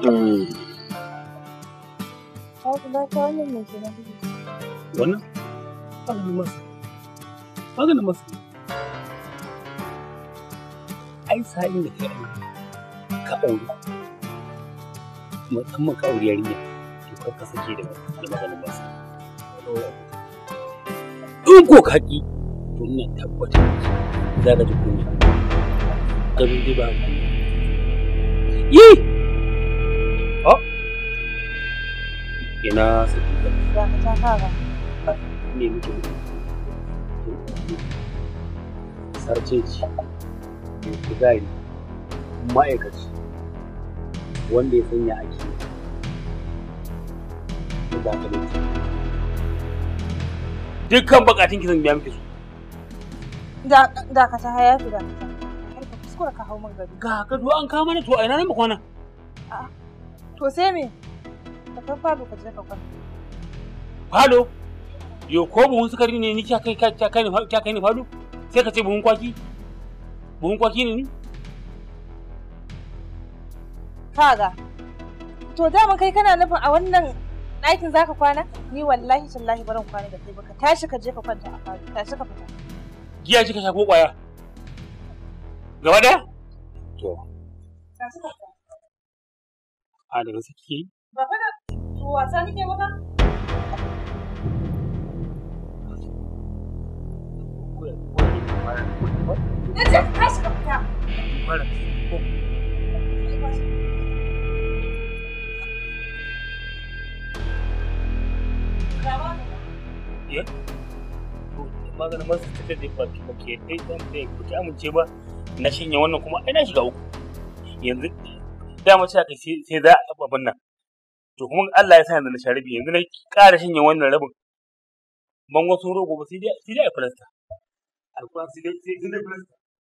wannan maganin masa maganin masa ai sa'in da kai ka musamman ka yarinya ka sake da maganin in ko ka to ina tabbatar za ka ji kunya ba yi ina ba ne muke sarceci mai kuzari ma'aikaci wanda ya sanya ake dukkan bukatun ki zan biya miki su da ka ta haya fi da ka kar kuskura ka hau man gado ga gado an kama ni to a ina nan ba kwana to sai me to falo ka je ka kwanta falo yo ko buhun sukari ne ni kai kai kai kai ni falo sai ka ce buhun kwaki buhun kwaki ne ni kaga to dama kai kana nufin a wannan ɗakin ka kwana ni wallahi tallahi barin kwana da kai baka tashi ka je ka kwanta a falo tashi ka fita giya kika ka ko kwaya gaba ɗaya to a daga suke yi ba fa da wasa nake maka? Maganin da ba ke dai da amince ba na shanye wannan kuma ai na shiga uku. Yanzu da mace aka sai za a abin nan. to kuma Allah ya sa yanzu na sha rabi yanzu na ƙara shanye wannan rabin bangon sun rogo ba sai dai a filasta alkuwa sai dai filasta